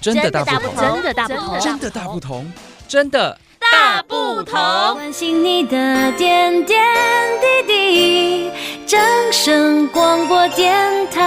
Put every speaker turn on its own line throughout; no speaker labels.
真的大不同，真的大不同，真的大不同，
真的大不同。關心你的點點滴滴，掌聲廣播電台。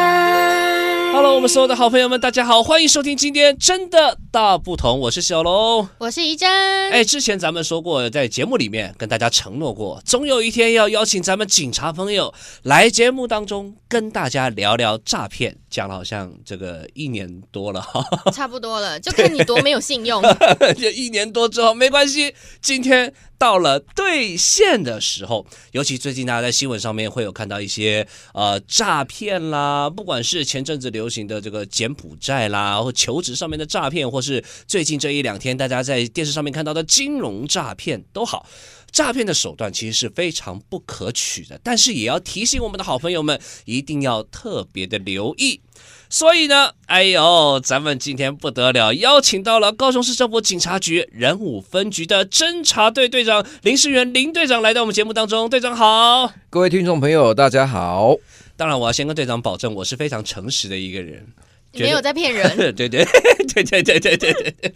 哈嘍，我們所有的好朋友們，大家好，歡迎收聽今天真的大不同，我是小龍，
我是怡真。
哎，之前咱們說過，在節目裡面跟大家承諾過，總有一天要邀請咱們警察朋友來節目當中跟大家聊聊詐騙。講了好像這個一年多了，
差不多了，就看你多沒有信用。
對 就一年多之後沒關係，今天到了兌現的時候。尤其最近大家在新聞上面會有看到一些呃詐騙啦，不管是前陣子流行的這個柬埔寨啦，或求職上面的詐騙，或是最近這一兩天大家在電視上面看到的金融詐騙都好。詐騙的手段其實是非常不可取的，但是也要提醒我們的好朋友們，一定要特別的留意。所以呢，哎呦，咱們今天不得了，邀請到了高雄市政府警察局仁武分局的偵查隊隊長林世元林隊長來到我們節目當中。隊長好，各位聽眾朋友大家好。當然，我要先跟隊長保證，我是非常誠實的一個人。沒有在
騙人，
對對對對對對對對。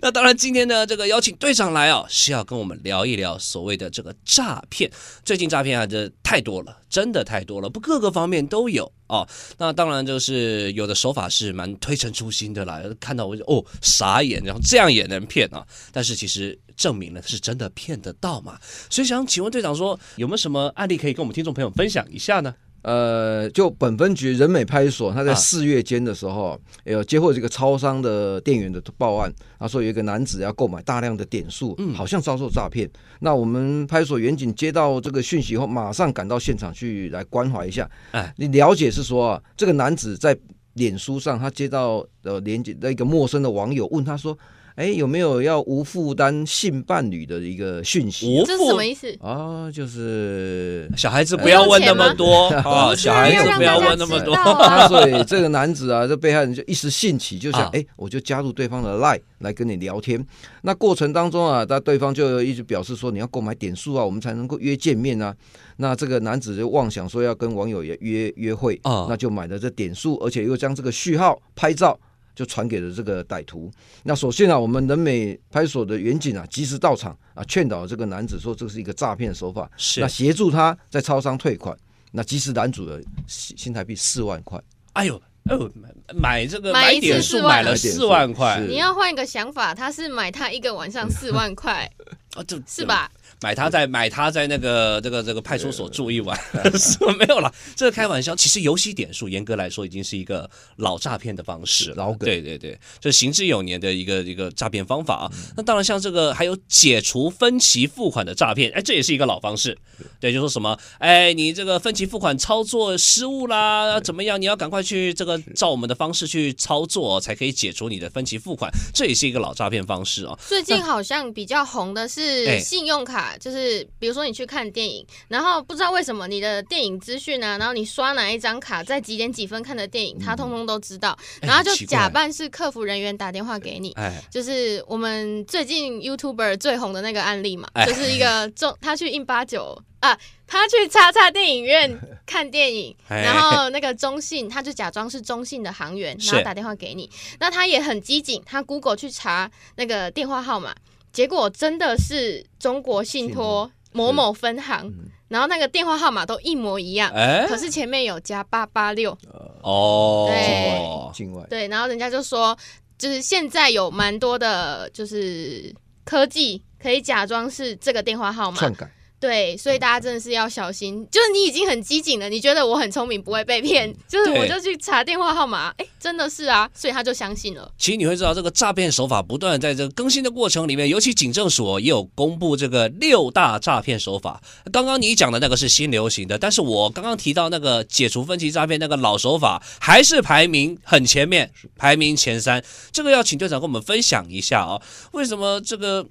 那當然，今天呢，這個邀請隊長來哦，是要跟我們聊一聊所謂的這個詐騙。最近詐騙啊，這太多了，真的太多了，不各個方面都有哦。那當然，就是有的手法是蠻推陳出新的啦。看到我就哦傻眼，然後這樣也能騙啊？但是其實證明了是真的騙得到嘛。所以想請問隊長說，說有沒有什麼案例可以跟我們聽眾朋友分
享一下呢？呃，就本分局仁美派出所，他在四月間的時候，啊、有接獲這個超商的店員的報案，他說有一個男子要購買大量的點數，嗯、好像遭受詐騙。那我們派出所員警接到這個訊息後，馬上趕到現場去來關懷一下。哎、啊，你了解是說啊，這個男子在臉書上，他接到呃連接那個陌生的網友問他說。哎、欸，有沒有要無負擔性伴侶的一個訊息？無負擔什麼意思啊？就是小孩子不要問那麼多啊，小孩子不要問那麼多。 所以這個男子啊，這被害人就一時興起，就想哎、啊欸，我就加入對方的 line 來跟你聊天。那過程當中啊，他對方就一直表示說你要購買點數啊，我們才能夠約見面啊。那這個男子就妄想說要跟網友也約約約會啊，那就買了這點數，而且又將這個序號拍照。就傳給了這個歹徒。那首先啊，我們人美派出所的員警啊，及時到場啊，勸導這個男子說這是一個詐騙手法，是那協助他在超商退款。那及時攔阻了新台幣四萬塊，哎呦，哎呦，買，買這個買一點數買了四萬塊。是你要
換一個想法，他是買他一個晚上四萬塊。 啊，就是吧，嗯？
買他在買他在那個這個這個派出所，所住一晚，是對 沒有了，這個開玩笑。其實遊戲點數嚴格來說已經是一個老詐騙的方式，老梗，對對對，這行之有年的一個一個詐騙方法啊。嗯、那當然，像這個還有解除分期付款的詐騙，哎、欸，這也是一個老方式。對，就說什麼？哎、欸，你這個分期付款操作失誤啦，怎麼樣？你要趕快去這個照我們的方式去操作，才可以解除你的分期付款。這也是一個老詐騙方式啊。
最近好像比較紅的是，是信用卡，欸、就是比如說你去看電影，然後不知道為什麼你的電影資訊啊，然後你刷哪一張卡，在幾點幾分看的電影，嗯、他通通都知道，然後就假扮是客服人員打電話給你，欸、就是我們最近 YouTuber 最紅的那個案例嘛，欸、就是一個中，他去 in89、欸、啊，他去叉叉電影院看電影，欸、然後那個中信他就假裝是中信的行員，然後打電話給你，是那他也很機警，他 Google 去查那個電話號碼。結果真的是中國信託某某分行，嗯、然後那個電話號碼都一模一樣，欸、可是前面有加八八六
哦，對，境外對，
然後人家就說，就是現在有蠻多的，就是科技可以假裝是這個電話號碼，篡改。對，所以大家真的是要小心。就是你已經很機警了，你覺得我很聰明不會被騙，就是我就去查電話號碼，哎對，真的是啊，所以他就相信了。
其實你會知道，這個詐騙手法不斷在這個更新的過程裡面，尤其警政署、哦、也有公布這個六大詐騙手法。剛剛你講的那個是新流行的，但是我剛剛提到那個解除分期詐騙那個老手法，還是排名很前面，排名前三。這個要請隊長跟我們分享一下啊、哦，為什麼這個？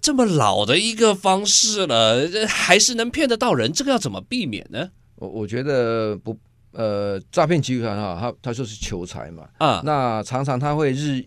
這麼老的一個方式了，這還是能騙得到人。這個要怎麼避免呢？我我覺得不，呃，詐騙集團啊，他他就是求財嘛。啊，那常常他會日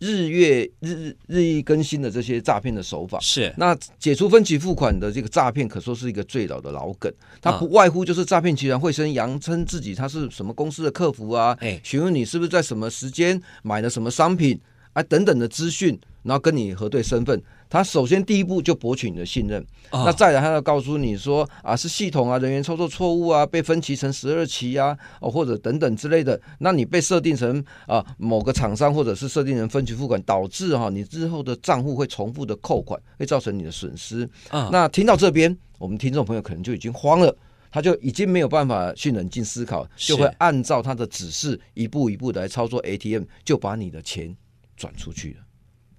日月日日益更新的這些詐騙的手法。是，那解除分期付款的這個詐騙，可說是一個最老的老梗。他不外乎就是詐騙集團會先佯稱自己他是什麼公司的客服啊，哎誒，詢問你是不是在什麼時間買了什麼商品啊等等的資訊，然後跟你核對身份。他首先第一步就博取你的信任，uh, 那再然後他要告訴你說，啊是系統啊人員操作錯誤啊，被分期成十二期啊、哦、或者等等之類的，那你被設定成啊某個廠商或者是設定成分期付款，導致哈、啊、你日後的賬戶會重複的扣款，會造成你的損失。Uh, 那聽到這邊，我們聽眾朋友可能就已經慌了，他就已經沒有辦法去冷靜思考，就會按照他的指示一步一步的來操作 ATM，就把你的錢轉出去了。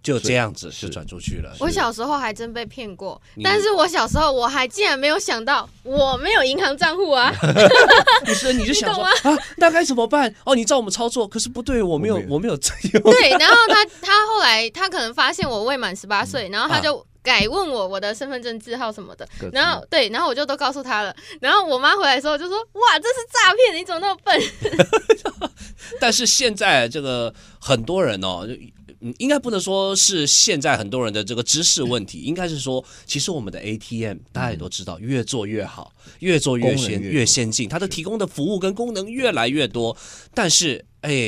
就這樣子就轉出去了。我
小時候還真被騙過，是但是我小時候我還竟然沒有想到我沒有銀行賬戶啊！
不是，你就想說啊，那該怎麼辦？哦，你照我們操作，可是不對，我沒有，我沒有這。有
對，然後他他後來他可能發現我未滿十八歲，嗯、然後他就改問我我的身份證字號什麼的，啊、然後對，然後我就都告訴他了。然後我媽回來時候就說：“哇，這是詐騙！你怎麼那麼笨？”
但是現在這個很多人哦，就。應該不能說是現在很多人的這個知識問題，對應該是說，其實我們的 ATM 大家也都知道，越做越好，越做越先越，越先進，它的提供的服務跟功能越來越多。對但是，誒、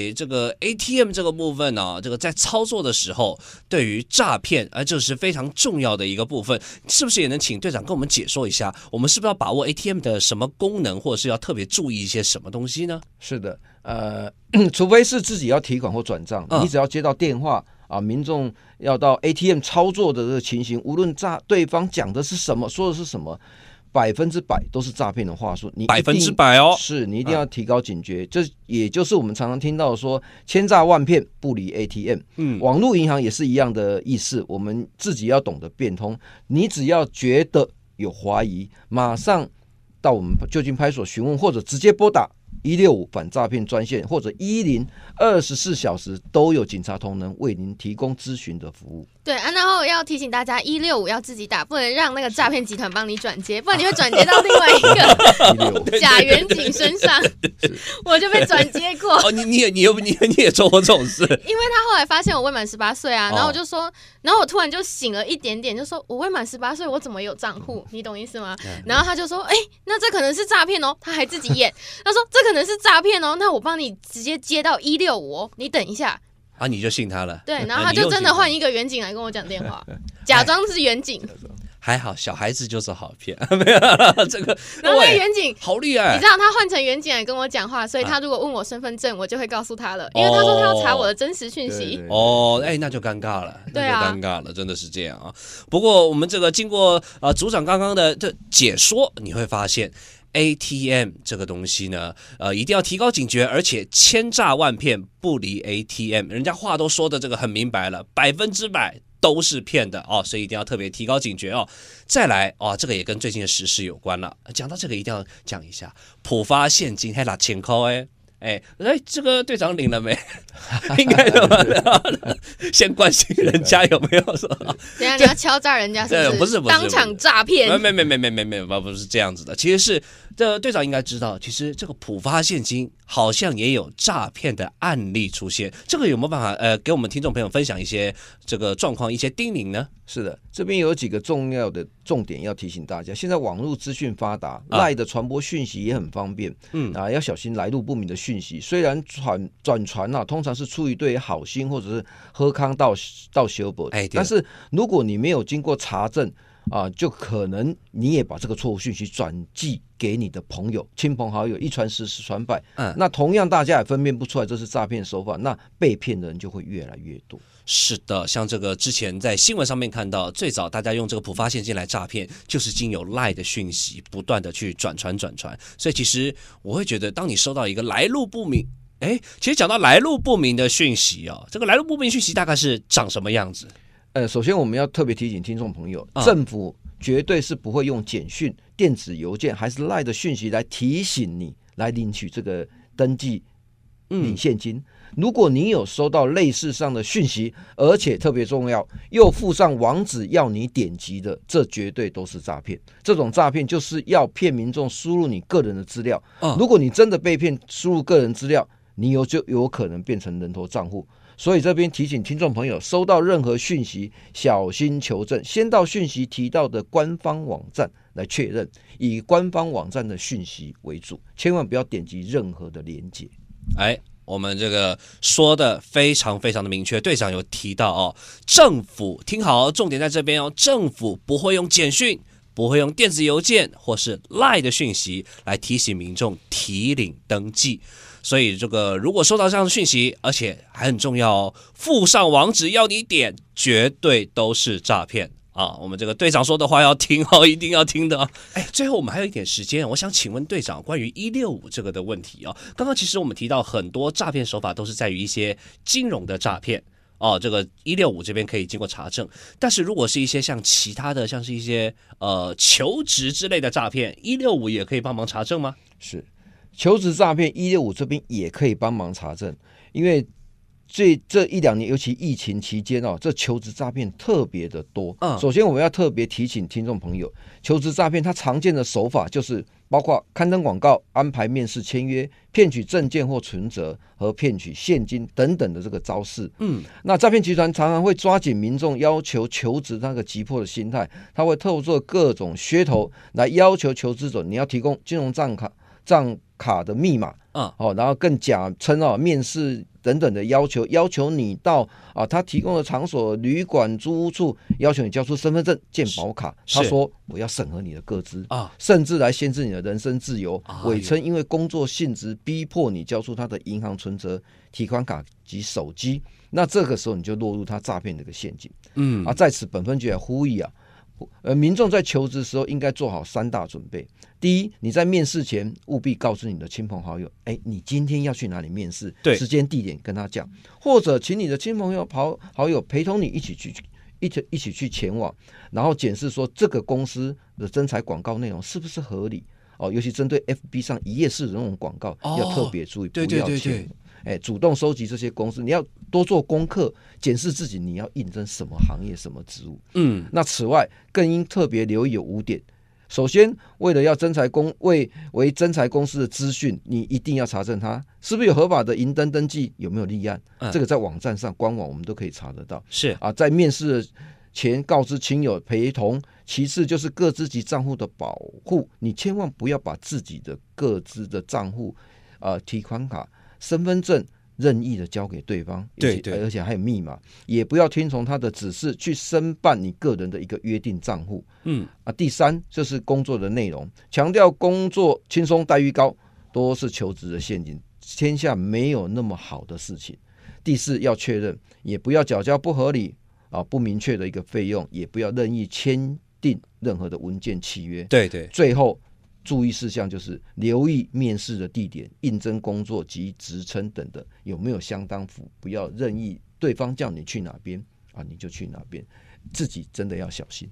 哎，這個 ATM 這個部分呢、啊，這個在操作的時候，對於詐騙，哎、呃，這、就是非常重要的一個部分，是不是也能請隊長跟我們解說一下？我們是不是要把握 ATM 的什麼功能，
或是要特別注意一些什麼東西呢？是的。呃，除非是自己要提款或轉賬，嗯、你只要接到電話啊，民眾要到 ATM 操作的這個情形，無論詐對方講的是什麼，說的是什麼，百分之百都是詐騙的話術，你百分之百哦，是你一定要提高警覺。這、嗯、也就是我們常常聽到的說，千詐萬騙不離 ATM，嗯，網絡銀行也是一樣的意思，我們自己要懂得變通。你只要覺得有懷疑，馬上到我們就近派出所詢問，或者直接撥打。一六五反詐騙專線，或者一零二十四小時都有警察同仁為您提供諮詢的服務。
對啊，然後要提醒大家，一六五要自己打，不能讓那個詐騙集團幫你轉接，不然你會轉接到另外一個假員，啊、 警身上。是是我就被轉接過。哦，你也
你也你又你你也做過這種
事？ 因為他後來發現我未滿十八歲啊，然後我就說，然後我突然就醒了一點點，就說我未滿十八歲，我怎麼有賬戶？你懂意思嗎？嗯、然後他就說，哎對，那這可能是詐騙哦。他還自己演，他說這個。可能是詐騙哦，那我幫你直接接到一六五，你等一下，
啊，你就信他了？對，然後他就真的換
一個員警來跟我講電話，啊、假裝是員警、哎。
還好小孩子就是好騙，沒 有這個。然後
員警、哎、好厲害，你知道他換成員警來跟我講話，所以他如果問我身份證，啊、我就會告訴他了，因為他說他要查我的真實訊息。
哦，哎、哦，那就尷尬了，啊、那就尷尬了，真的是這樣啊。不過我們這個經過啊、呃，組長剛剛的的解說，你會發現。ATM 這個東西呢，呃，一定要提高警覺，而且千詐萬騙不離 ATM，人家話都說的這個很明白了，百分之百都是騙的哦，所以一定要特別提高警覺哦。再來哦，這個也跟最近的時事有關了，講到這個一定要講一下，普發現金還六千塊誒。哎，這個隊長領了沒？ 應該的吧， 先關心人家有沒有說 。
等下你要敲詐人家是不是？不是不是，當場詐騙？
沒沒沒沒沒沒不不是這樣子的。其實是這、呃、隊長應該知道，其實這個普發現金好像也有詐騙的案例出現。這
個有沒有辦法？呃，給我們聽眾朋友分享一些這個狀況，一些叮嚀呢？是的，這邊有幾個重要的重點要提醒大家。現在網絡資訊發達，LINE、啊、的傳播訊息也很方便，嗯啊，要小心來路不明的訊息。嗯、雖然傳轉傳啊，通常是出於對於好心或者是好康道相報，哎、但是如果你沒有經過查證。啊，就可能你也把這個錯誤訊息轉寄給你的朋友、親朋好友，一傳十，十傳百。嗯，那同樣大家也分辨不出來這是詐騙手法，那被騙的人就會越來越多。是的，像這個之前在新聞上面看到，最早大家
用這個普發現金來詐騙，就是經由賴的訊息不斷的去轉傳、轉傳，所以其實我會覺得，當你收到一個來路不明，誒，其實講到來路不明的訊息啊、哦，這個來路
不明訊息大概是長什麼樣子？首先，我們要特別提醒聽眾朋友，政府絕對是不會用簡訊、電子郵件還是賴的訊息來提醒你來領取這個登記領現金。嗯、如果你有收到類似上的訊息，而且特別重要又附上網址要你點擊的，這絕對都是詐騙。這種詐騙就是要騙民眾輸入你個人的資料。嗯、如果你真的被騙輸入個人資料，你有就有可能變成人頭賬戶。所以這邊提醒聽眾朋友，收到任何訊息，小心求證，先到訊息提到的官方網站來確認，以官方網站的訊息為主，千萬不要點擊任何的鏈接。
哎，我們這個說的非常非常的明確，隊長有提到哦，政府聽好哦，重點在這邊哦，政府不會用簡訊，不會用電子郵件或是 Line 的訊息來提醒民眾提領登記。所以，這個如果收到這樣的訊息，而且還很重要哦，附上網址要你點，絕對都是詐騙啊！我們這個隊長說的話要聽哦，一定要聽的。哎，最後我們還有一點時間，我想請問隊長關於一六五這個的問題哦，剛剛其實我們提到很多詐騙手法都是在於一些金融的詐騙哦，啊，這個一六五這邊可以經過查證，但是如果是一些像其他的，像是一些呃求職之類的詐騙，一六五也可以幫忙查證嗎？
是。求職詐騙，一六五這邊也可以幫忙查證，因為這這一兩年，尤其疫情期間哦，這求職詐騙特別的多。嗯，首先我們要特別提醒聽眾朋友，求職詐騙它常見的手法就是包括刊登廣告、安排面試、簽約、騙取證件或存摺和騙取現金等等的這個招式。嗯，那詐騙集團常常會抓緊民眾要求求職那個急迫的心態，它會透過各種噱頭來要求求職者，嗯，你要提供金融賬卡。賬卡的密碼啊、哦，然後更假稱啊、哦、面試等等的要求，要求你到啊他提供的場所旅館租屋處，要求你交出身份證、健保卡。是他說是我要審核你的個資啊，甚至來限制你的人身自由。啊、偽稱因為工作性質逼迫你交出他的銀行存折、提款卡及手機。那這個時候你就落入他詐騙的一個陷阱。嗯啊，在此本分局也呼籲啊，呃民眾在求職的時候應該做好三大準備。第一，你在面試前務必告訴你的親朋好友，哎、欸，你今天要去哪裡面試，時間地點跟他講，對或者請你的親朋友、朋好友陪同你一起去，一起一起去前往，然後檢視說這個公司的徵才廣告內容是不是合理，哦，尤其針對 F B 上一頁式的那種廣告、哦、要特別注意，不要錢，哎、欸，主動收集這些公司，你要多做功課，檢視自己你要應徵什麼行業什麼職務，嗯，那此外更應特別留意有五點。首先，為了要徵才公為為徵才公司的資訊，你一定要查證他是不是有合法的營登登記，有沒有立案？嗯、這個在網站上官網我們都可以查得到。是啊，在面試前告知親友陪同。其次就是個資及賬戶的保護，你千萬不要把自己的個資的賬戶、啊、呃，提款卡、身份證。任意的交給對方，對，而且,而且還有密碼，對對，也不要聽從他的指示去申辦你個人的一個約定賬戶。嗯，啊，第三，這、就是工作的內容，強調工作輕鬆、待遇高，都是求職的陷阱。天下沒有那麼好的事情。第四，要確認，也不要繳交不合理啊、不明確的一個費用，也不要任意簽訂任何的文件契約。對對，最後。注意事項就是留意面試的地點、應徵工作及職稱等等有沒有相當符，不要任意對方叫你去哪邊啊，你就去哪邊，自己真的要小心。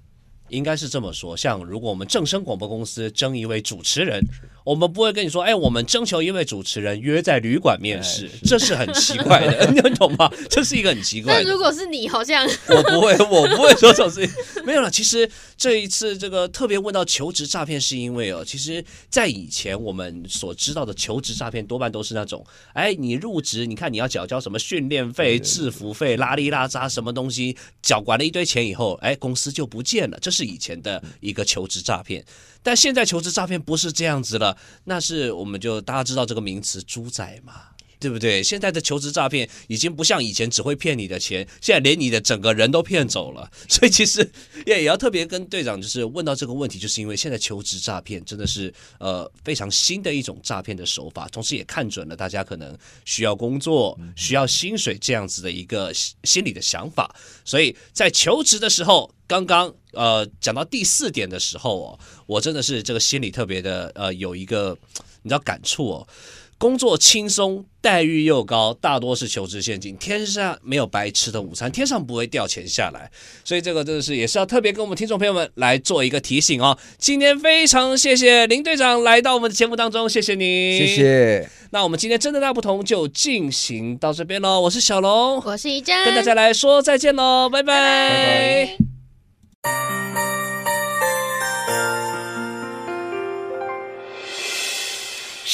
應該是這麼說，像如果我們正聲廣播公司徵一位主持人，我們不會跟你說，哎，我們徵求一位主持人約在旅館面試，哎、是。這是很奇怪的， 你們懂嗎？這是一個很奇怪。那如
果是你，好像我不會，
我不會說這種事情。
沒有了。其實
這一次這個特別問到求職詐騙，是因為哦，其實，在以前我們所知道的求職詐騙，多半都是那種，哎，你入職，你看你要繳交什麼訓練費、對對對對制服費、拉里拉雜什麼東西，繳管了一堆錢以後，哎，公司就不見了，這是以前的一個求職詐騙。但現在求職詐騙不是這樣子了。那是我們就大家知道這個名詞“豬仔”嘛，對不對？現在的求職詐騙已經不像以前只會騙你的錢，現在連你的整個人都騙走了。所以其實也也要特別跟隊長就是問到這個問題，就是因為現在求職詐騙真的是呃非常新的一種詐騙的手法，同時也看準了大家可能需要工作、需要薪水這樣子的一個心理的想法。所以在求職的時候。剛剛呃講到第四點的時候哦，我真的是這個心裡特別的呃有一個你知道感觸哦，工作輕鬆待遇又高，大多是求職陷阱，天上沒有白吃的午餐，天上不會掉錢下來，所以這個真的是也是要特別跟我們聽眾朋友們來做一個提醒哦。今天非常謝謝林隊長來到我們的節目當中，謝謝你，謝謝。那我們今天真的大不同就進行到這邊嘍，我是小龍，
我是宜珍，跟大家來
說再見嘍，拜拜。拜拜